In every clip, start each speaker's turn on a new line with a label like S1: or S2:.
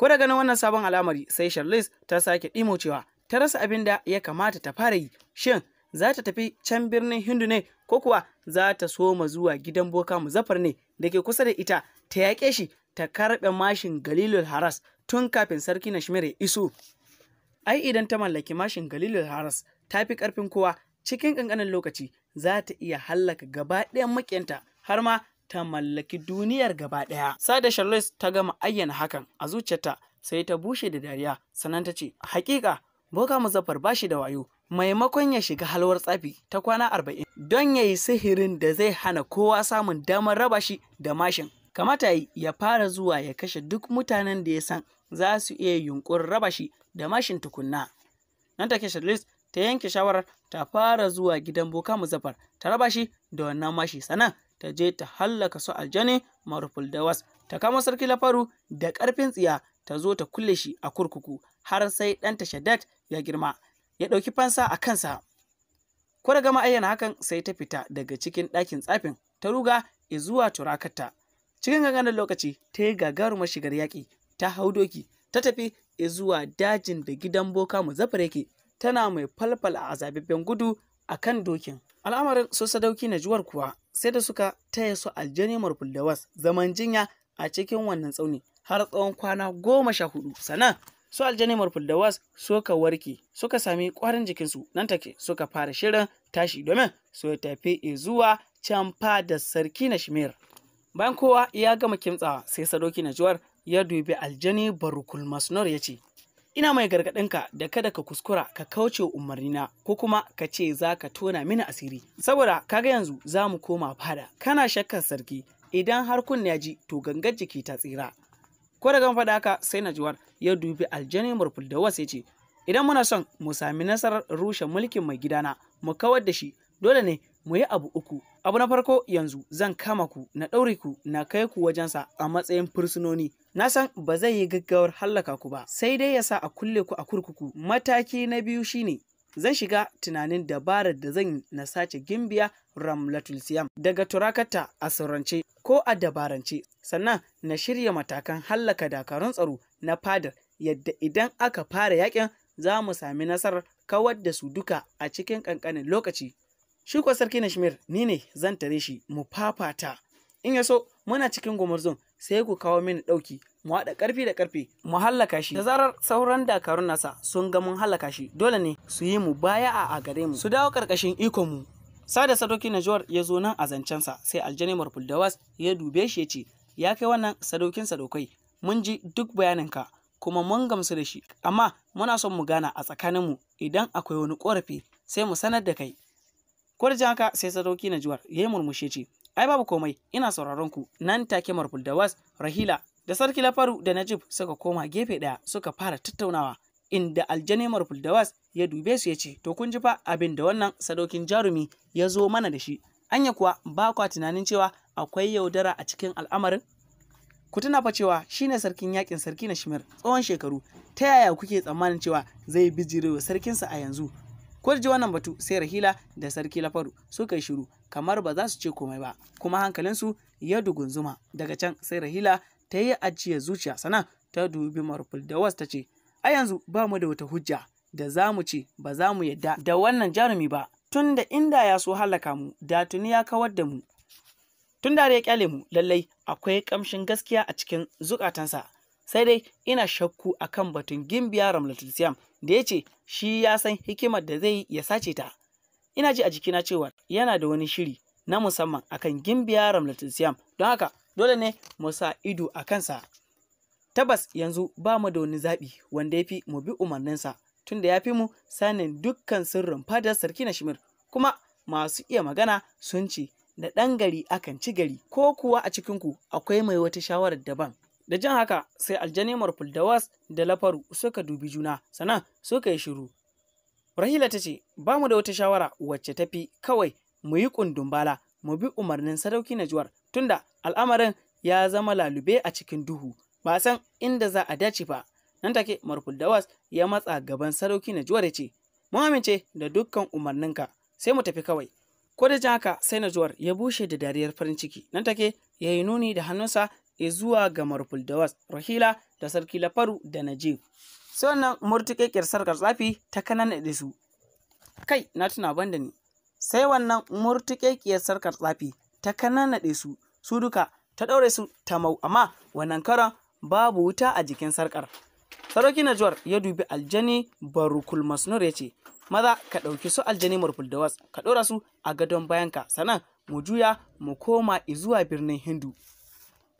S1: Ko da ganin wannan sabon al'amari sai Charles ta sake dimo cewa ta rasa abin da ya kamata ta fara yi. Shin za ta tafi can birnin Hindu ne ko kuwa za ta soma zuwa gidan boka Muzaffar ne da ke kusa da ita ta yaƙe shi ta karɓe mashin Galilul Haras tun kafin sarki Nashmir ya iso. Ai idan ta mallaki mashin Galilul Haras ta fi ƙarfin kowa cikin ƙanƙanin lokaci za ta iya hallaka gaba ɗayan makiyanta har ma ta mallaki duniyar gaba ɗaya. Sada Charles ta gama ayyana hakan a zuciyarta sai ta bushe da dariya sannan ta ce hakika boka muzaffar shi da wayo maimakon ya shiga halwar tsafi ta kwana arba'in don ya yi sihirin da zai hana kowa samun damar raba shi da mashin kamata ya fara zuwa ya kashe duk mutanen da ya san za su iya yunkurin raba shi da mashin tukunna nan take Charles ta yanke shawarar ta fara zuwa gidan boka muzaffar ta raba shi da wannan mashi sannan ta je ta hallaka su Aljani maruful dawas ta kama sarki lafaru da ƙarfin tsiya ta zo ta kulle shi a kurkuku har sai ɗanta shaddad ya girma ya ɗauki fansa a kansa ko da gama ayyana hakan sai ta fita daga cikin ɗakin tsafin ta ruga zuwa turakarta. cikin ganganin lokaci ta yi gagarumar shigar yaƙi ta hau doki ta tafi zuwa dajin da gidan boka muzaffar yake tana mai falfal a azababben gudu a kan dokin al'amarin su sadauki na juwar kuwa sai da suka taya su aljani marfuldawas zaman jinya a cikin wannan tsauni har tsawon kwana goma sha hudu sannan su aljani marfuldawas suka warke suka sami kwarin jikinsu nan take suka fara shirin tashi domin su tafi zuwa can da sarki na shimir bayan kowa ya gama kimtsawa sai sadoki na juwar ya dubi aljani barukul masnor ya ce ina mai gargaɗin ka da kada ka kuskura ka kauce umarnina ko kuma ka ce za ka tona mini asiri saboda kaga yanzu za mu koma fada kana shakkar sarki idan har kun ya ji to gangar jiki ta tsira ko da gan faɗa ka sai najuwar ya dubi aljani murful da wasu ce idan muna son mu sami nasarar rushe mulkin mai gidana mu kawar da shi dole ne mu yi abu uku. Abu na farko yanzu zan kama ku na ɗaure ku na kai ku wajensa a matsayin fursunoni. Na san ba zai yi gaggawar hallaka ku ba, sai dai ya sa a kulle ku a kurkuku. Mataki na biyu shine zan shiga tunanin dabarar da zan yi na sace gimbiya Ramlatul Siyam daga turakata a saurance ko a dabarance. Sannan na shirya matakan hallaka dakarun tsaro na fadar yadda idan aka fara yakin za mu sami nasarar kawar da su duka a cikin ƙanƙanin lokaci. shi ko sarki shimir ni ne zan tare shi mu fafata in ya so muna cikin gumurzun sai ku kawo mini ɗauki mu haɗa ƙarfi da ƙarfi mu hallaka shi da zarar sauran dakarun nasa sun ga mun hallaka shi dole ne su yi mu baya a gare mu su dawo ƙarƙashin ikonmu mu sada sadoki najuwar ya zo nan a zancen sa sai aljani Dawas ya dube shi ya ce ya kai wannan sadokin sadokai mun ji duk bayaninka kuma mun gamsu da shi amma muna son mu gana a tsakaninmu idan akwai wani ƙorafi sai mu sanar da kai ko da haka sai sadauki najuwar ya yi murmushe ce ai babu komai ina sauraron ku nan take marful da was rahila da sarki lafaru da najib suka koma gefe daya suka fara tattaunawa inda aljane marful da ya dube su ya ce to kun ji fa abin da wannan sadaukin jarumi ya zo mana da shi anya kuwa ba kwa tunanin cewa akwai yaudara a cikin al'amarin ku tuna fa cewa shine sarkin yakin sarki na shimir tsawon shekaru ta yaya kuke tsammanin cewa zai bijirewa sarkinsa a yanzu ko ji wannan batu sai rahila da sarki lafaru suka yi shiru kamar ba za su ce komai ba kuma hankalinsu ya dugunzuma daga can sai rahila ta yi ajiye zuciya sana ta dubi marful da wasu ta ce a yanzu ba mu da wata hujja da za mu ce ba za mu yadda da wannan jarumi ba tun da inda ya so halaka mu da tuni ya kawar da mu tun da ya kyale mu lallai akwai kamshin gaskiya a cikin zukatansa sai dai ina shakku akan batun gimbiya ramlatul siyam da ya ce shi ya san hikimar da zai ya sace ta. Ina ji a jikina cewa yana da wani shiri na musamman akan gimbiya Ramlatul Siyam don haka dole ne mu sa ido a kansa. Tabbas yanzu ba mu da wani zaɓi wanda ya fi mu bi umarninsa tunda ya fi mu sanin dukkan sirrin fadar sarki na Shimir kuma masu iya magana sun ce da ɗan gari akan ci gari ko kuwa a cikinku akwai mai wata shawarar daban. da jan haka sai aljani marful da lafaru suka dubi juna sannan suka yi shiru rahila ta ce ba mu da wata shawara wacce tafi kawai mu yi Bala mu bi umarnin sadauki najuwar tunda al'amarin ya zama lalube a cikin duhu ba san inda za a dace ba nan take was ya matsa gaban sadauki najuwar ya ce mun amince da dukkan umarninka sai mu tafi kawai ko da haka sai najuwar ya bushe da dariyar farin ciki nan take ya yi nuni da hannunsa zuwa ga marful da rahila da sarki lafaru da najib sai wannan murtuƙeƙiyar sarkar tsafi ta kanana da su kai na tuna banda ni. sai wannan murtuƙeƙiyar sarkar tsafi ta kanana da su su duka ta ɗaure su ta mau amma wannan karon babu wuta a jikin sarkar sarauki najuwar ya dubi aljani barukul masnur ya ce maza ka ɗauki su aljani marful da ka ɗora su a gadon bayanka sannan mu juya mu koma izuwa birnin hindu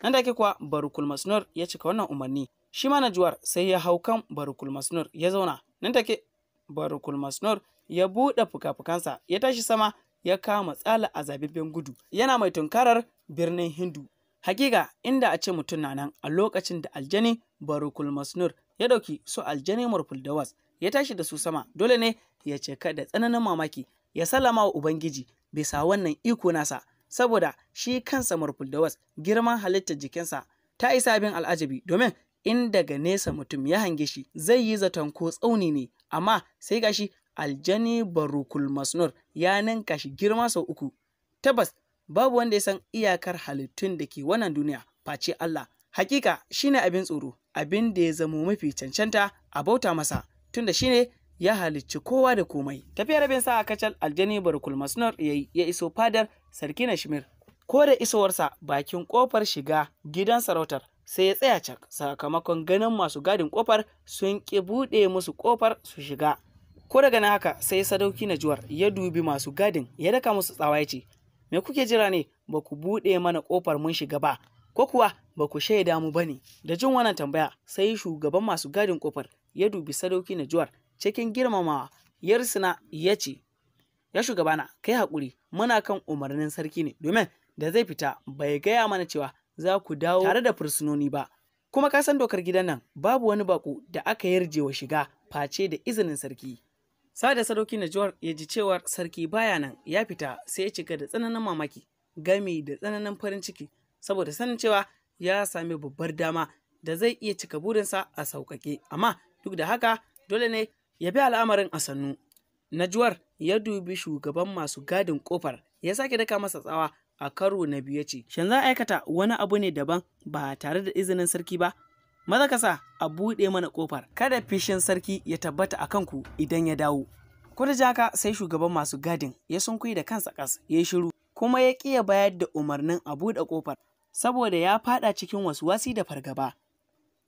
S1: Nan ke kuwa Barukul Masnur ya cika wannan umarni. Shi ma Najuwar sai ya hau kan Barukul Masnur ya zauna. Nan ke Barukul Masnur ya buɗe fuka-fukansa ya tashi sama ya kama tsala a zabibben gudu yana mai tunkarar birnin Hindu. Hakika inda a ce mutum na nan a lokacin da aljani Barukul Masnur ya ɗauki su aljani Murful Dawas ya tashi da su sama dole ne ya ceka da tsananin mamaki ya sallama wa Ubangiji bisa wannan iko nasa saboda shi kansa Murpuldawas girman halittar jikinsa ta isa abin al'ajabi domin in daga nesa mutum ya hange shi zai yi zaton ko tsauni ne amma sai gashi aljani barukul masnur ya ninka shi girma sau uku tabbas babu wanda ya san iyakar halittun da ke wannan duniya face Allah hakika shine abin tsoro abin da ya zamo mafi cancanta a bauta masa tunda shine ya halicci kowa da komai tafiyar rabin sa kacal aljani barukul masnur ya iso fadar sarki na shimir ko da isowarsa bakin kofar shiga gidan sarautar sai ya tsaya cak sakamakon ganin masu gadin kofar sun ki buɗe musu kofar su shiga ko daga na haka sai sadauki na juwar ya dubi masu gadin ya daka musu tsawa ya ce me kuke jira ne ba ku buɗe mana kofar mun shiga ba ko kuwa ba ku shaida mu bane da jin wannan tambaya sai shugaban masu gadin kofar ya dubi sadauki na juwar cikin girmamawa yarsina ya ce ya shugabana kai hakuri muna kan umarnin sarki ne domin da zai fita bai gaya mana cewa za ku dawo tare da fursunoni ba kuma ka san dokar gidan nan babu wani baƙo da aka yarje wa shiga face da izinin sarki sada sadauki na jiwar ya ji cewar sarki baya nan ya fita sai ya cika da tsananin mamaki gami da tsananin farin ciki saboda sanin cewa ya sami babbar dama da zai iya cika burinsa a sauƙaƙe amma duk da haka dole ne ya bi al'amarin a sannu Najuwar ya dubi shugaban masu gadin kofar ya sake daka masa tsawa a karo na biyu ya ce, Shin za a aikata wani abu ne daban ba tare da izinin sarki ba? Maza kasa a buɗe mana kofar, kada fishin sarki ya tabbata a kanku idan ya dawo. Kuda jaka sai shugaban masu gadin ya sunkuyi da kansa ƙas ya yi shiru kuma ya ƙiya bayar da umarnin a buɗe kofar saboda ya faɗa cikin wasu wasi da fargaba.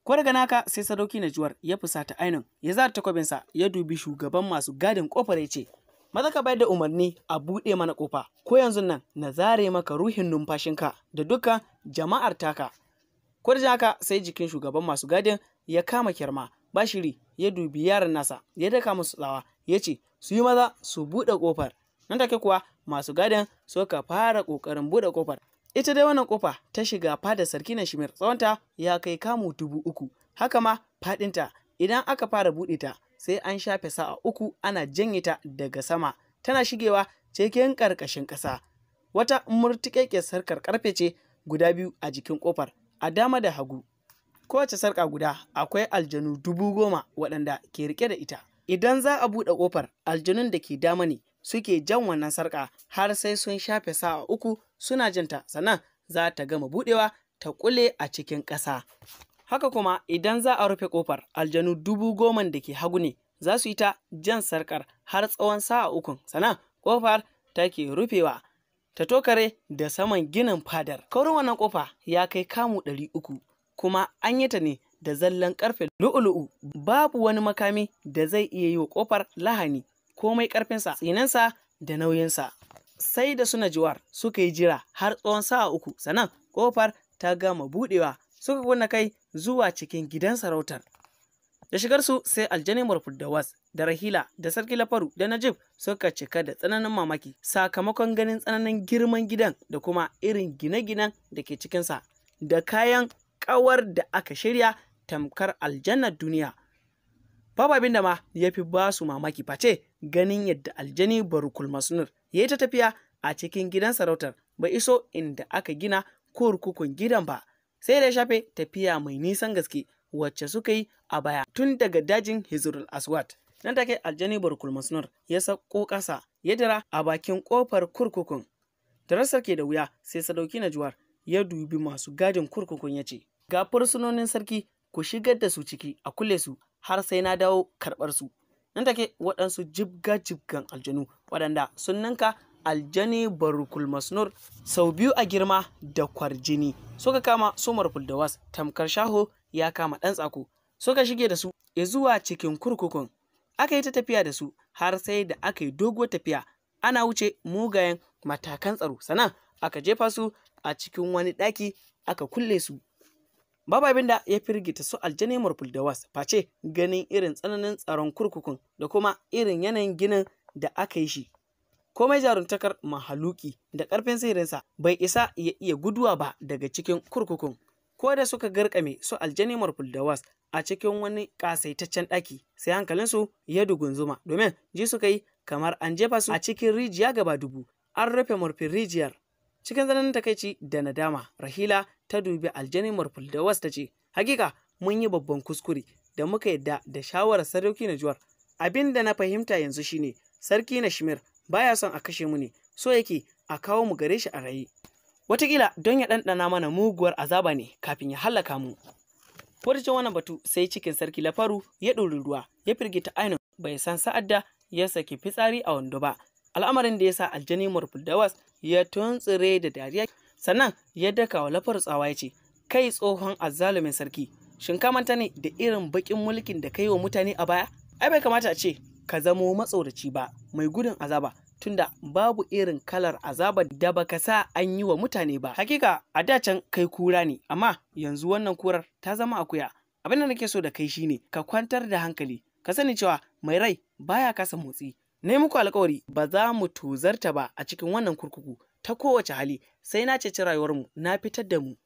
S1: ko daga naka sai sadauki najuwar ya fusata ainin ya za zata takwabinsa ya dubi shugaban masu gadin kofar ya ce maza ka bayar da umarni a buɗe mana kofa ko yanzu nan na zare maka ruhin numfashinka da dukkan jama'ar taka ko da sai jikin shugaban masu gadin ya kama kyarma bashiri ya dubi yaran nasa ya daka musu tsawa ya ce su yi maza su buɗe kofar nan take kuwa masu gadin suka fara ƙoƙarin buɗe kofar Ita dai wannan kofa ta shiga fadar sarki na Shimir tsawonta ya kai kamu dubu uku. Haka ma fadinta idan aka fara buɗe ta sai an shafe sa'a uku ana janye ta daga sama tana shigewa cikin ƙarƙashin ƙasa. Wata murtuƙeƙe sarkar ƙarfe ce guda biyu a jikin kofar a dama da hagu. Kowace sarka guda akwai aljanu dubu goma waɗanda ke riƙe da ita. Idan za a buɗe kofar aljanun da ke dama ne suke jan wannan sarƙa har sai sun shafe sa'a uku suna jinta sannan za ta gama buɗewa ta ƙule a cikin ƙasa. Haka kuma idan za a rufe ƙofar aljanu dubu goma da ke hagu ne za su yi ta jan sarƙar har tsawon sa'a ukun sannan ƙofar ke rufewa ta tokare da saman ginin fadar. Kaurin wannan ƙofa ya kai kamu ɗari uku kuma an yi ta ne da zallan karfe lu'ulu'u babu wani makami da zai iya yi wa kofar lahani komai ƙarfinsa tsinansa da nauyinsa sai da suna juwar suka yi jira har tsawon sa'a uku sannan kofar ta gama buɗewa suka kunna kai zuwa cikin gidan sarautar da shigarsu sai aljanin murfuddawas da rahila da sarki lafaru da najib suka cika da tsananin mamaki sakamakon ganin tsananin girman gidan da kuma irin gine-ginen da ke cikinsa da kayan kawar da aka shirya tamkar aljannar duniya babu abin da ma ya fi ba su mamaki face ganin yadda aljani barukul masnur ya yi ta tafiya a cikin gidan sarautar bai iso inda aka gina kurkukun gidan ba sai da shafe tafiya mai nisan gaske wacce suka yi a baya tun daga dajin hizrul aswat nan take aljani barkul masnur ya sauko ƙasa ya dira a bakin ƙofar kurkukun darasar ke da wuya sai sadauki najuwar ya dubi masu gadin kurkukun ya ce ga fursunonin sarki ku shigar da su ciki a kulle su har sai na dawo karɓar su nan take waɗansu jibga-jibgan aljanu waɗanda sun ninka aljani barukul masnur sau biyu a girma da kwarjini suka kama sumar fuldawas tamkar shaho ya kama ɗan tsako suka shige da su ya zuwa cikin kurkukun aka yi ta tafiya da su har sai da aka yi doguwar tafiya ana wuce mugayen matakan tsaro sannan aka jefa su a cikin wani ɗaki aka kulle su babu abin da ya firgita su aljani murful da face ganin irin tsananin tsaron kurkukun da kuma irin yanayin ginin da aka yi shi komai jaruntakar mahaluki da karfin sihirinsa bai isa ya iya guduwa ba daga cikin kurkukun ko da suka garkame su aljani murful da a cikin wani kasaitaccen daki sai hankalinsu ya dugunzuma domin ji suka yi kamar an jefa su a cikin rijiya gaba dubu an rufe murfin rijiyar cikin zanen takaici da nadama rahila ta dubi aljani Fuldawas da wasu ta ce hakika mun yi babban kuskure da muka yadda da shawarar sarauki na juwar abin da na fahimta yanzu shine sarki na shimir baya son a kashe mu ne so yake a kawo mu gare shi a raye watakila don ya ɗanɗana mana muguwar azaba ne kafin ya hallaka mu Warjin wannan batu sai cikin sarki lafaru ya ɗori ruwa ya firgita ainihin bai san Sa'adda da ya saki fitsari a wando ba al'amarin da ya sa aljani murfuldawas ya tuntsire da dariya sannan ya daka wa lafar tsawa ya ce kai tsohon azzalumin sarki shin ka manta ne da irin bakin mulkin da ka yi wa mutane a baya ai bai kamata a ce ka zamo matsoraci ba mai gudun azaba tunda babu irin kalar azabar da baka sa an yi wa mutane ba hakika a da can kai kura ne amma yanzu wannan kurar ta zama akuya abin da nake so da kai shine ka kwantar da hankali ka sani cewa mai rai baya kasa motsi Na muku alkawari ba za mu tuzarta ba a cikin wannan kurkuku ta kowace hali sai na ceci rayuwarmu na fitar da mu.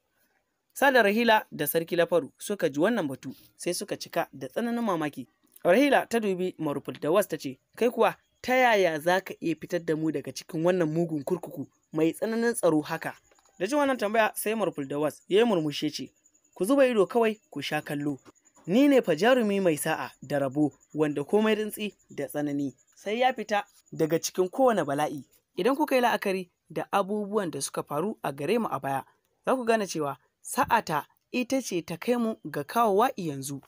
S1: Sada Rahila da Sarki Lafaru suka ji wannan batu sai suka cika da tsananin mamaki. Rahila ta dubi Marufal da was ta ce, Kai kuwa ta yaya za ka iya fitar da mu daga cikin wannan mugun kurkuku mai tsananin tsaro haka? Da jin wannan tambaya sai Marufal da was ya yi murmushe ce, Ku zuba ido kawai ku sha kallo. ni ne fa jarumi mai sa'a da rabo wanda komai rintsi da tsanani sai ya fita daga cikin kowane bala'i idan kuka yi la'akari da abubuwan da suka faru a gare mu a baya za ku gane cewa sa'ata ita ce ta kai mu ga kawowa yanzu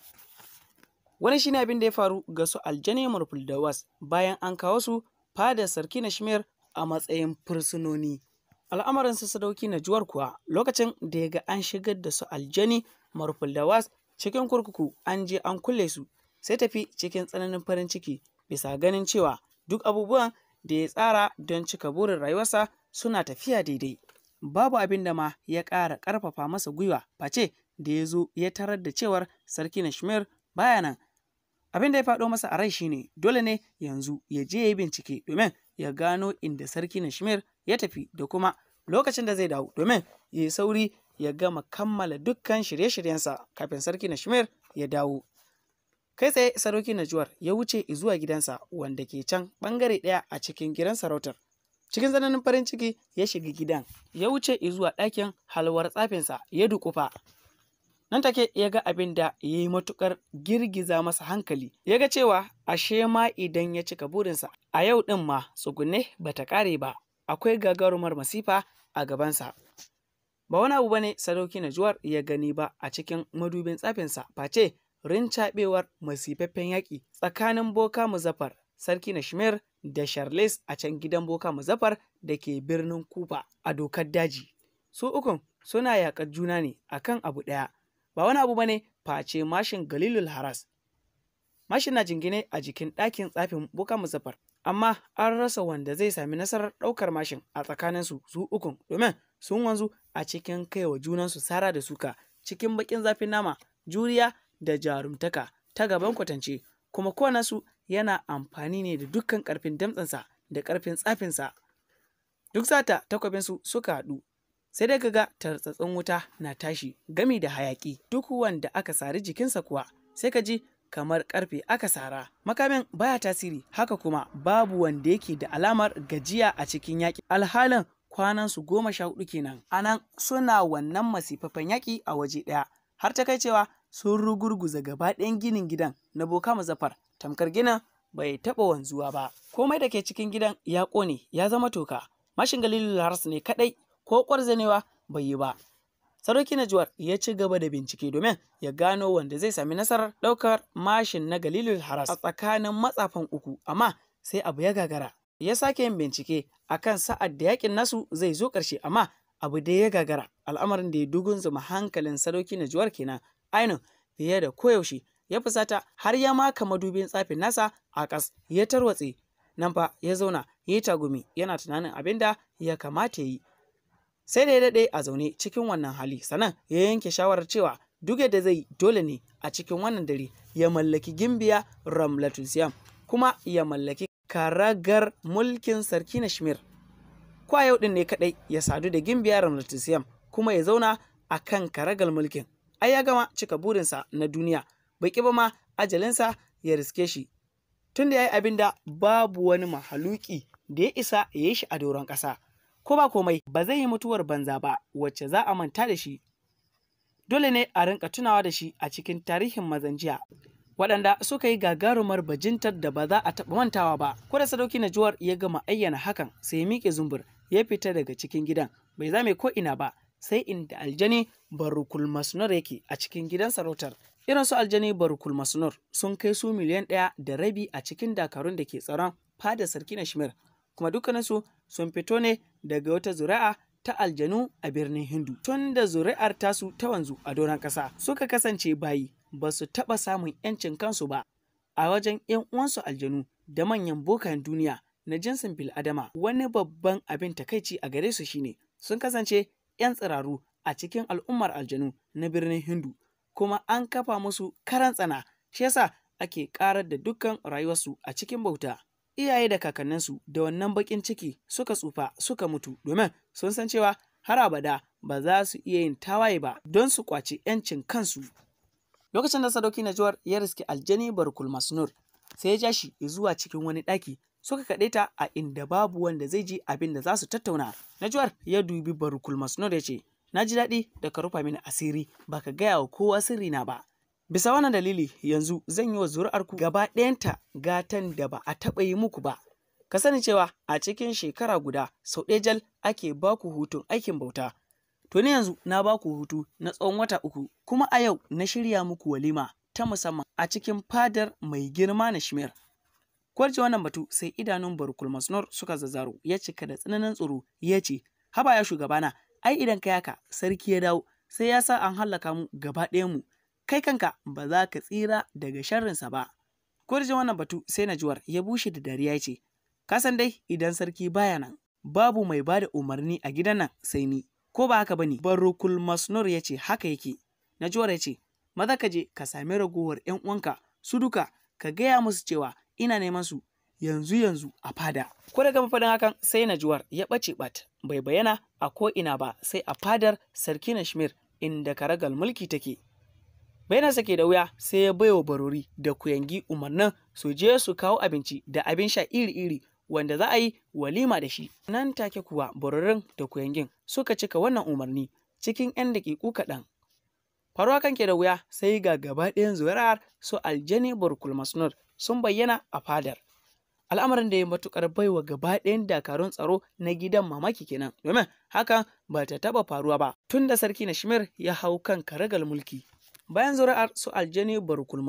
S1: wani shi ne abin da ya faru ga su aljani marfl-da fuldawas bayan an kawo su fada sarki na shimiyar a matsayin fursunoni al'amarin su sadauki na juwar kuwa lokacin da ya ga an shigar da su aljani marfuldawas cikin kurkuku an je an kulle su sai tafi cikin tsananin farin ciki bisa ganin cewa duk abubuwan da ya tsara don cika burin rayuwarsa suna tafiya daidai babu abin da ma ya ƙara ƙarfafa masa gwiwa face da ya zo ya tarar da cewar sarki Nashmir baya nan abin da ya faɗo masa a rai shine dole ne yanzu ya je ya yi bincike domin ya gano inda sarki Nashmir ya tafi da kuma lokacin da zai dawo domin ya yi sauri ya gama kammala dukkan shirye-shiryensa kafin sarki shimer ya dawo. Kai tsaye sarauki Najuwar ya wuce zuwa gidansa wanda ke can bangare ɗaya a cikin gidan sarautar. Cikin tsananin farin ciki ya shiga gidan, ya wuce zuwa ɗakin halwar tsafinsa ya dukufa. Nan take ya ga abin da ya yi matukar girgiza masa hankali, ya ga cewa ashe ma idan ya cika burinsa a yau ɗin ma tsugunne bata ƙare ba, akwai gagarumar masifa a gabansa. ba wani abu bane sadauki najuwar ya gani ba a cikin madubin tsafinsa face rincaɓewar masifaffen yaƙi tsakanin boka muzaffar sarki na shimer da charles a can gidan boka muzaffar da ke birnin kufa a dokar daji su ukun suna yaƙar juna ne akan abu ɗaya ba wani abu bane face mashin galilul haras mashin na jingine a jikin ɗakin tsafin boka muzaffar amma an rasa wanda zai sami nasarar ɗaukar mashin a tsakaninsu su ukun domin sun wanzu a cikin kaiwa junansu sara da suka cikin bakin zafin nama juriya da jarumtaka ta gaban kwatance kuma kowanensu yana amfani ne da dukkan karfin damtsansa da karfin tsafinsa duk sata takwabinsu suka haɗu sai dai kaga tartsatsin wuta na tashi gami da hayaki duk wanda aka sari jikinsa kuwa sai ka ji kamar karfe aka sara makamin baya tasiri haka kuma babu wanda yake da alamar gajiya a cikin yaƙi alhalin Kwanan su goma sha hudu kenan anan suna wannan masifafan yaƙi a waje ɗaya har ta kai cewa sun rugurguza gaba ɗayan ginin gidan na boka mazafar tamkar ginin bai taɓa wanzuwa ba komai da ke cikin gidan ya ƙone ya zama toka mashin galilul haras ne kaɗai ko ƙwarzanewa bai yi ba sarauki najuwar ya ci gaba da bincike domin ya gano wanda zai sami nasarar ɗaukar mashin na galilu haras a tsakanin matsafan uku amma sai abu ya gagara ya sake yin bincike a kan sa'ad da yakin nasu zai zo ƙarshe amma abu da ya gagara al'amarin da ya dugun zuma hankalin sadauki na juwar kenan ainihin fiye da koyaushe ya fusata har ya maka madubin tsafin nasa a ƙas ya tarwatse nan fa ya zauna ya yi tagumi yana tunanin abin da ya kamata ya yi sai da ya daɗe a zaune cikin wannan hali sannan ya yanke shawarar cewa duk da zai dole ne a cikin wannan dare ya mallaki gimbiya ramlatul siyam kuma ya mallaki karagar mulkin sarki na Shimir. Kwa yau ɗin ne kaɗai ya sadu da gimbiya Ramlatisiyam kuma ya zauna a kan karagar mulkin. Ai ya gama cika burinsa na duniya, bai ƙi ba ma ajalinsa ya riske shi. Tunda ya yi abin da babu wani mahaluki da ya isa ya yi shi a doron ƙasa. Ko ba komai ba zai yi mutuwar banza ba wacce za a manta da shi. Dole ne a rinka tunawa da shi a cikin tarihin mazanjiya. waɗanda suka yi gagarumar bajintar da ba za a taɓa mantawa ba. Kwada sadauki na juwar ya gama ayyana hakan sai ya miƙe zumbur ya fita daga cikin gidan bai zame ko ina ba sai inda aljani barukul masnur yake a cikin gidan sarautar. Irin su aljani barukul masnur sun kai su miliyan ɗaya da rabi a cikin dakarun da ke tsaron fada sarki na shimir kuma dukkaninsu sun fito ne daga wata zuri'a ta aljanu a birnin hindu tun da zuri'ar tasu ta wanzu a doron ƙasa suka kasance bayi ba su taɓa samun 'yancin kansu ba a wajen 'yan uwansu aljanu da manyan bokan duniya na jinsin bil'adama wani babban abin takaici a gare su shine sun kasance 'yan tsiraru a cikin al'ummar aljanu na birnin hindu kuma an kafa musu karan tsana shi yasa ake karar da dukkan rayuwarsu a cikin bauta iyaye da kakanninsu da wannan baƙin ciki suka tsufa suka mutu domin sun san cewa har abada ba za su iya yin tawaye ba don su kwaci 'yancin kansu Lokacin da sadauki Najuwar ya riski aljani Barkul Masnur sai ya ja shi zuwa cikin wani ɗaki suka kaɗe ta a inda babu wanda zai ji abin da za su tattauna. Najuwar ya dubi Barkul Masnur ya ce, Na ji daɗi da ka rufa mini asiri ba ka gaya wa kowa sirrina ba. Bisa wannan dalili yanzu zan yi wa zuri'arku gaba ɗayanta gatan da ba a taɓa yi muku ba. Ka sani cewa a cikin shekara guda sau ɗaya jal ake baku hutun aikin bauta To ne yanzu na ba ku hutu na tsawon wata uku kuma a yau na shirya muku walima ta musamman a cikin fadar mai girma na Shimir. Kwarci wannan batu sai idanun Barkul Masnor suka zazzaro ya cika da tsananin tsoro ya ce haba ya shugabana ai idan ka yaka sarki ya dawo sai ya sa an hallaka mu gaba ɗaya mu kai kanka ba za ka tsira daga sharrinsa ba. Kwarci wannan batu sai Najuwar ya bushe da dariya ya ce kasan dai idan sarki baya nan babu mai ba da umarni a gidan nan sai ni. ko ba haka bane barukul masnur ya ce haka yake najuwar ya ce maza ka je ka sami ragowar yan uwanka su duka ka gaya musu cewa ina neman su yanzu yanzu a fada ko daga mafadin hakan sai najuwar ya ɓace bat bai bayyana a ko ina ba sai a fadar sarki nashmir inda karagal mulki take bayyana sake da wuya sai ya baiwa barori da kuyangi umarnin su je su kawo abinci da abin sha iri-iri wanda za a yi walima da shi nan take kuwa bororin da kuyangin suka cika wannan umarni cikin 'yan daƙiƙu kaɗan faruwa kan ke da wuya sai ga gaba ɗayan zuwarar su aljani burkul sun bayyana a fadar al'amarin da ya matukar baiwa gaba ɗayan dakarun tsaro na gidan mamaki kenan domin hakan ba ta taɓa faruwa ba tun da sarki na shimir ya hau kan karagal mulki bayan zuri'ar su aljani barkul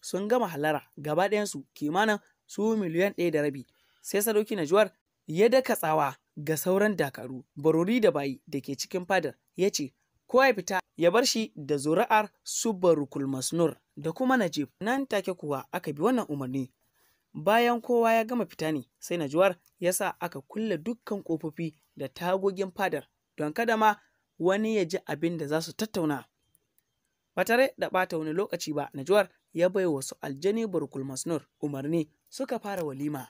S1: sun gama halara gaba ɗayansu kimanin su miliyan ɗaya da rabi sai sadauki najuwar ya daka tsawa ga sauran dakaru barori da bayi da ke cikin fadar ya ce ko ya fita ya bar shi da zuri'ar subarukul masnur da kuma najib nan take kuwa aka bi wannan umarni bayan kowa ya gama fita ne sai najuwar ya sa aka kulle dukkan kofofi da tagogin fadar don kada ma wani ya ji abin da za su tattauna ba tare da bata wani lokaci ba najuwar ya bai wasu aljani burkul masnur umarni suka fara walima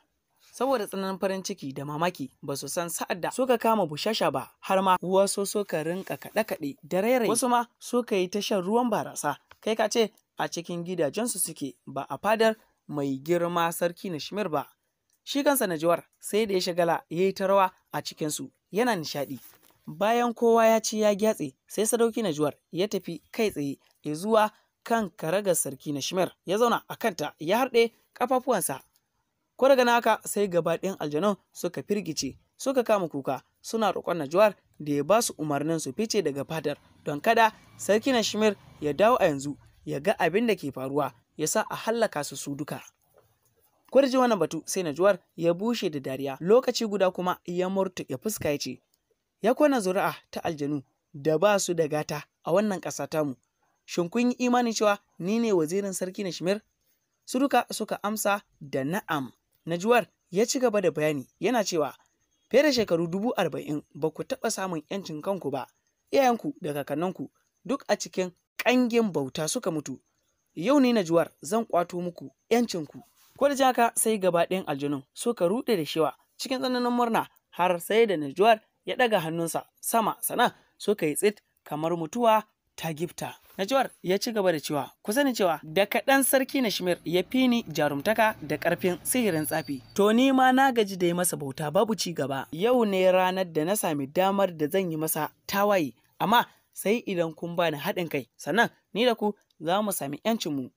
S1: saboda tsananin farin ciki da mamaki ba su san sa'ad da suka kama bushasha ba har ma wasu suka rinka kaɗe-kaɗe da rairayi wasu ma suka yi ta shan ruwan barasa kai ka ce a cikin gidajensu suke ba a fadar mai girma sarki na shimir ba shi kansa najuwar sai da ya shagala ya yi ta rawa a cikinsu yana nishaɗi bayan kowa ya ci ya gyatse sai sadauki najuwar ya tafi kai tsaye ya zuwa kan karagar sarki na shimir ya zauna a kanta ya harɗe ƙafafuwansa ko daga naka sai gaba ɗayan aljanun suka firgice suka kama kuka suna roƙon najuwar da ya ba su umarnin su fice daga fadar don kada sarki na shimir ya dawo a yanzu ya ga abin da ke faruwa ya sa a hallaka su su duka kwarji wannan batu sai najuwar ya bushe da dariya lokaci guda kuma ya ya fuska ya ce ya kwana zuri'a ta aljanu da ba su da gata a wannan ƙasa tamu shin kun yi imanin cewa ni ne wazirin sarki na shimir duka suka amsa da na'am Najuwar ya ci gaba da bayani yana cewa fiye da shekaru dubu arba'in ba ku taɓa samun ‘yancin kanku ba, iyayenku da kakanninku duk a cikin ƙangin bauta suka mutu. Yau ne Najuwar zan kwato muku ‘yancinku. Ko da jaka sai gaba ɗayan aljanun suka ruɗe da shewa cikin tsananin murna har sai da Najuwar ya ɗaga hannunsa sama sana suka yi tsit kamar mutuwa ta gifta. Najwar ya ci gaba da cewa ku sani cewa da kaɗan sarki na Shimir ya fi ni jarumtaka da ƙarfin sihirin tsafi. To ni ma na gaji da yi masa bauta babu ci gaba. Yau ne ranar da na sami damar da zan yi masa tawaye amma sai idan kun bani haɗin kai sannan ni da ku za mu sami mu.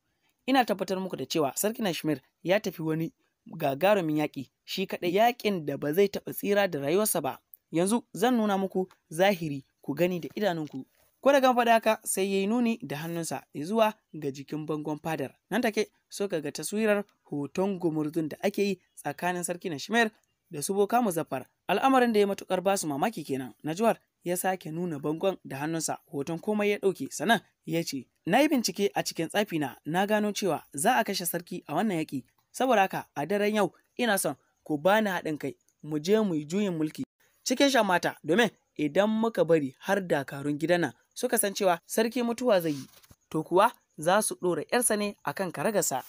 S1: Ina tabbatar muku da cewa sarki na Shimir ya tafi wani gagarumin yaƙi shi kaɗai yaƙin da ba zai taɓa tsira da rayuwarsa ba. Yanzu zan nuna muku zahiri ku gani da idanunku. Ko da gan faɗi haka sai ya yi nuni da hannunsa zuwa ga jikin bangon fadar. Nan take suka ga taswirar hoton gumurzun da ake yi tsakanin sarki na Shimer da su boka muzaffar. Al'amarin da ya matukar su mamaki kenan. Najuwar ya sake nuna bangon da hannunsa hoton komai ya ɗauke sannan ya ce na yi bincike a cikin tsafina na gano cewa za a kashe sarki a wannan yaƙi saboda haka a daren yau ina son ku bani haɗin kai mu je mu yi juyin mulki cikin shan mata, domin idan muka bari har dakarun gidan nan. suka san cewa sarki mutuwa zai yi to kuwa za su ɗora ‘yarsa ne a kan karagarsa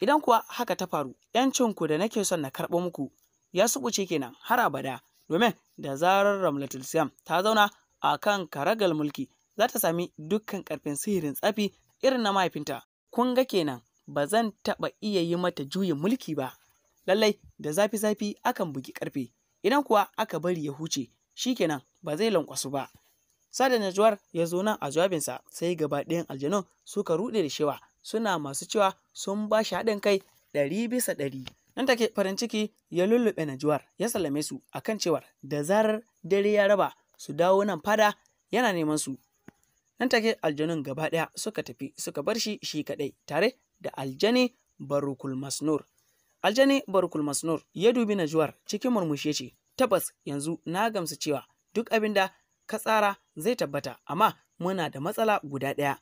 S1: idan kuwa haka ta faru ‘yancinku da nake son na karɓo muku ya suɓuce kenan har abada domin da zarar ramlatul siyam ta zauna a kan karagal mulki za ta sami dukkan karfin sihirin tsafi irin na mahaifinta kun ga kenan ba zan taɓa iya yi mata juyin mulki ba lallai da zafi-zafi akan bugi ƙarfe idan kuwa aka bari ya huce Shi kenan ba zai lankwasu ba Sada Najwar ya zo nan a jawabinsa sai gaba ɗayan aljanun suka ruɗe da shewa suna masu cewa sun ba shi haɗin kai ɗari bisa ɗari. Nan take farin ciki ya lullube Najwar ya sallame su akan cewar da zarar dare ya raba su dawo nan fada yana neman su. Nan take aljanun gaba ɗaya suka tafi suka bar shi shi kaɗai tare da aljani Barukul Masnur. Aljani Barukul Masnur ya dubi Najwar cikin murmushi ya ce tabbas yanzu na gamsu cewa duk abin da ka tsara zai tabbata amma muna da matsala guda ɗaya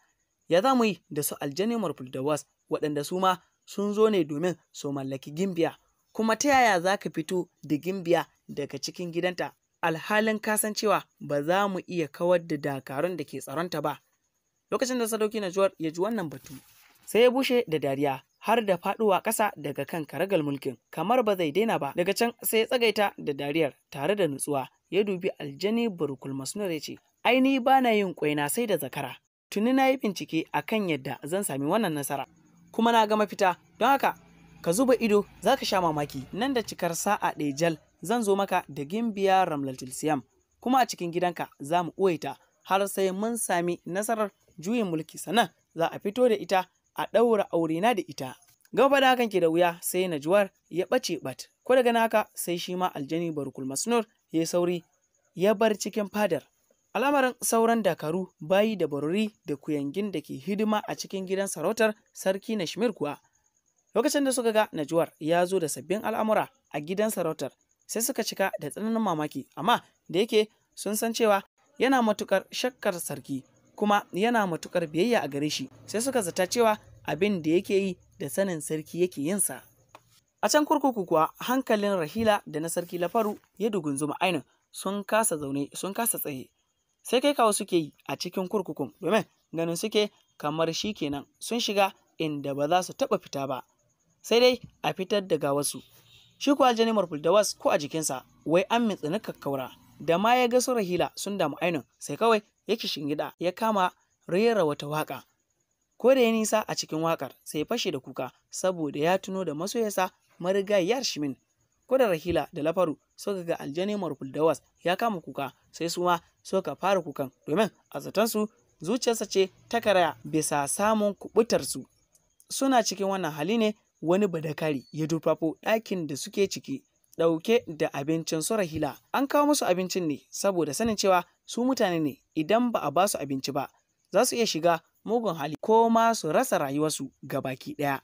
S1: ya za mu yi da su aljani was waɗanda su ma sun zo ne domin su mallaki gimbiya kuma ta yaya za ka fito da gimbiya daga cikin gidanta alhalin kasancewa ba za mu iya kawar da dakarun da ke tsaronta ba lokacin da sadauki na juwar ya ji wannan batu sai ya bushe da dariya har da faduwa ƙasa daga kan karagal mulkin kamar ba zai daina ba daga can sai ya tsagaita da dariyar tare da nutsuwa ya dubi aljani burkul masnur ya ce ai ni ba na yin kwaina sai da zakara tuni na yi bincike a kan yadda zan sami wannan nasara kuma na ga mafita don haka ka zuba ido za ka sha mamaki nan da cikar sa'a ɗaya jal zan zo maka da gimbiya ramlal tilsiyam kuma a cikin gidanka za mu uwaita har sai mun sami nasarar juyin mulki sannan za a fito da ita a ɗaura aure na da ita gama faɗa hakan ke da wuya sai najuwar ya ɓace bat. ko daga haka sai shi ma aljani barukul masnur ya sauri ya bar cikin fadar Al'amarin sauran dakaru bayi da barori da kuyangin da ke hidima a cikin gidan sarautar Sarki Nashmir kuwa, lokacin da suka ga Najuwar ya zo da sabbin al'amura a gidan sarautar sai suka cika da tsananin mamaki, amma da yake sun san cewa yana matukar shakkar sarki kuma yana matukar biyayya a gare shi sai suka zata cewa abin da yake yi da sanin sarki yake yinsa. A can kurkuku kuwa hankalin Rahila da na sarki Lafaru ya dugunzuma ainihin sun kasa zaune sun kasa tsaye. sai kai kawo suke yi a cikin kurkukun domin ganin suke kamar shi kenan sun shiga inda ba za su taɓa fita ba sai dai a fitar da gawarsu shi kuwa jani marful da was ko a jikinsa wai an mitsi tsini kakkaura da ma ya ga su rahila sun damu ainun sai kawai ya shingida ya kama rera wata waka. ko da ya nisa a cikin wakar sai fashe da kuka saboda ya tuno da masoyarsa marigayyar shimin ko da rahila da lafaru suka ga aljani marful da was ya kama kuka sai su ma ka fara kukan domin a su zuciyarsa ce ta karaya bisa samun kubutarsu suna cikin wannan hali ne wani badakari ya dufafo ɗakin da suke ciki ɗauke da abincin su rahila an kawo musu abincin ne saboda sanin cewa su mutane ne idan ba a basu abinci ba za su iya shiga mugun hali ko ma su rasa rayuwarsu ga baki ɗaya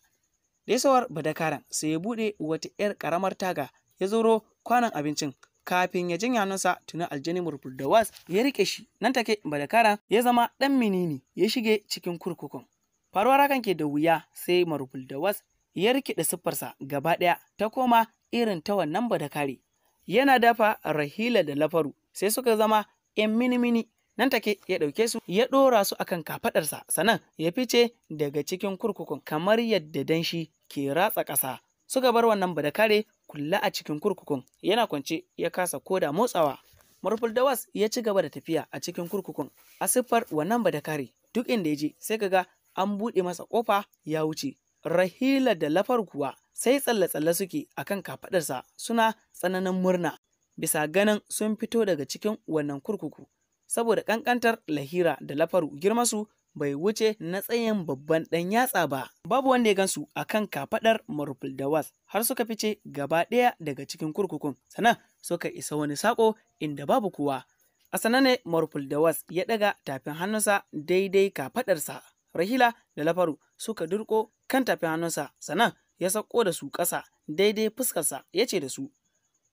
S1: daisawar badakaran sai ya buɗe wata 'yar ƙaramar taga ya zoro kwanan abincin kafin ya jinya nusa tuni aljani murfuldawas ya rike shi nan take badakara ya zama dan minini ya shige cikin kurkukun faruwar hakan ke da wuya sai murfuldawas ya da siffarsa gaba daya ta koma irin ta wannan badakare yana dafa rahila da lafaru sai suka zama yan mini-mini nan take ya ɗauke su ya ɗora su akan kafaɗarsa sannan ya fice daga cikin kurkukun kamar yadda danshi ke ratsa ƙasa suka bar wannan badakare kulla a cikin kurkukun yana kwance ya kasa koda motsawa maruful dawas ya ci gaba da tafiya a cikin kurkukun a siffar wannan ba da kare duk inda ya je sai ga an buɗe masa ƙofa ya wuce rahila da lafar kuwa sai tsalle-tsalle suke akan kafaɗarsa suna tsananin murna bisa ganin sun fito daga cikin wannan kurkuku saboda ƙanƙantar lahira da lafaru girmasu bai wuce na tsayin babban ɗan yatsa ba. Babu wanda ya gansu a kan kafaɗar Marufil Dawas har suka fice gaba ɗaya daga cikin kurkukun. Sannan suka isa wani saƙo inda babu kuwa. A sanane Marufil Dawas ya ɗaga tafin hannunsa daidai kafaɗarsa. Rahila da Lafaru suka durƙo kan tafin hannunsa sannan ya sauko da su ƙasa daidai fuskarsa ya ce da su.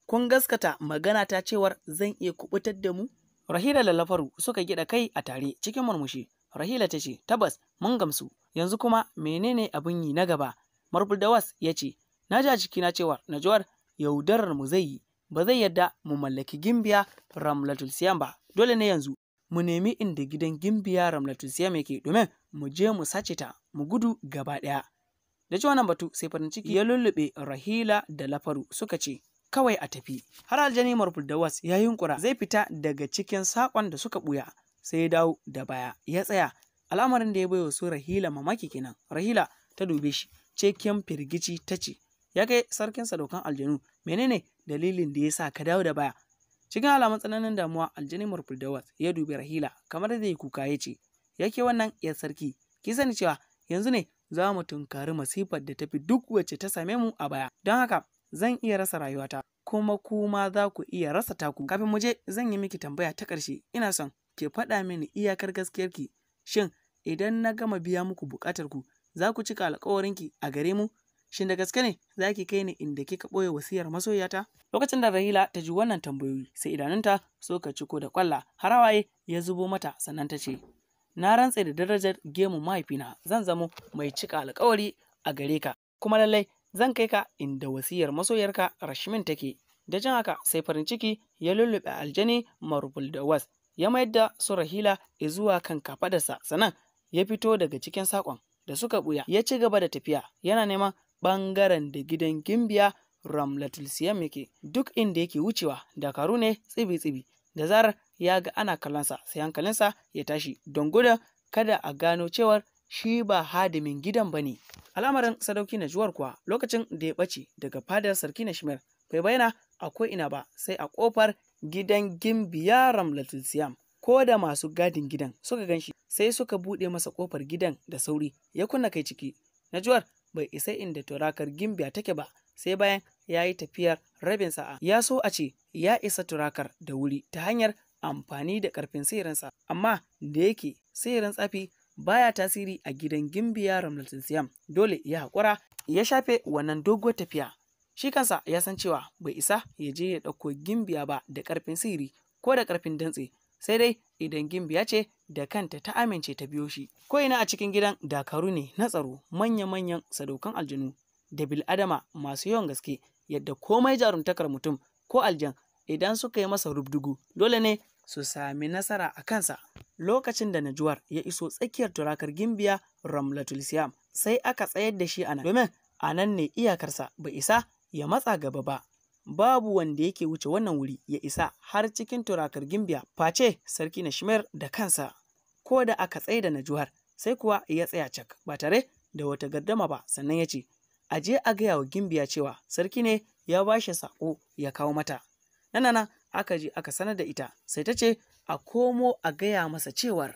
S1: Kun gaskata magana ta cewar zan iya kubutar da mu? Rahila da Lafaru suka gida kai a tare cikin murmushi. Rahila ta ce, Tabbas, mun gamsu, yanzu kuma menene abin yi na gaba? Dawas ya ce, Na ja na cewa Najuwar yaudarar mu zai yi, ba zai yadda mu mallaki gimbiya Ramlatul Siyam ba, dole ne yanzu mu nemi inda gidan gimbiya Ramlatul Siyam yake domin mu je mu sace ta, mu gudu gaba ɗaya. Da ci wannan batu sai farin ciki ya lullube Rahila da Lafaru suka ce, Kawai a tafi, har aljani Dawas ya yunkura zai fita daga cikin saƙon da suka ɓuya, sai ya dawo da baya ya tsaya al'amarin da ya baiwa su rahila mamaki kenan rahila ta dube shi ceken firgici ta ce ya kai sarkin sadaukan aljanu menene dalilin da ya sa ka dawo da baya cikin alamun tsananin damuwa aljani murfuldawas ya dubi rahila kamar da kuka ya ce yake wannan ya sarki ki sani cewa yanzu ne za mu tunkari masifar da tafi duk wacce ta same mu a baya don haka zan iya rasa rayuwata kuma kuma za ku iya rasa taku kafin mu je zan yi miki tambaya ta ƙarshe ina son ke faɗa mini iyakar gaskiyarki, shin idan na gama biya muku buƙatar ku, za ku cika ki a gare mu? Shin da gaske ne za ki kai ni inda kika ɓoye wasiyar masoyata? Lokacin da Rahila ta ji wannan tambayoyi sai idanunta suka ciko da kwalla har waye ya zubo mata sannan ta ce, Na rantse da darajar gemun mahaifina zan zamo mai cika alƙawari a gare ka, kuma lallai zan kai ka inda wasiyar masoyarka Rashmin take. Da jin haka sai farin ciki ya lullube aljani marubul da was ya mayar da surahila rahila zuwa kan kafadarsa sannan ya fito daga cikin sakon da suka buya ya ci gaba da tafiya yana neman ɓangaren da gidan gimbiya ramlatul siyam yake duk inda yake wucewa dakaru ne tsibi-tsibi da zarar ya ga ana kallonsa sai hankalinsa ya tashi don gudun kada a gano cewar shi ba hadimin gidan ba ne al'amarin sadauki na juwar kuwa lokacin da ya ɓace daga fadar sarki na shimir bai bayyana akwai ina ba sai a ƙofar gidan gimbiya Ramlat Siyam ko da masu gadin gidan suka ganshi sai suka buɗe masa ƙofar gidan da sauri ya kunna kai ciki Na juwar bai isa inda turakar gimbiya take ba sai bayan ya yi tafiyar rabin sa'a ya so a ce ya isa turakar da wuri ta hanyar amfani da ƙarfin sihirinsa amma da yake sihirin tsafi baya tasiri a gidan gimbiya Ramlat Siyam dole ya haƙura ya shafe wannan doguwar tafiya shi kansa ya san cewa bai isa ya je ya ɗauko gimbiya ba da ƙarfin sihiri ko da ƙarfin dantse sai dai idan gimbiya ce da kanta ta amince ta biyo shi ko ina a cikin gidan dakaru ne na tsaro manya-manyan sadaukan aljanu da bil'adama masu yawan gaske yadda komai jarumtakar mutum ko aljan idan suka yi masa rubdugu dole ne su sami nasara a kansa lokacin da najuwar ya iso tsakiyar turakar gimbiya ramlatul sai aka tsayar da shi a nan domin a nan ne iyakarsa bai isa ya matsa gaba ba babu wanda yake wuce wannan wuri ya isa har cikin turakar gimbiya face sarki na shimer da kansa ko da aka tsaye da najuwar sai kuwa ya tsaya cak ba tare da wata gardama ba sannan ya ce aje a gaya wa gimbiya cewa sarki ne ya ba shi saƙo ya kawo mata nanana aka je aka sanar da ita sai ta ce a komo a gaya masa cewar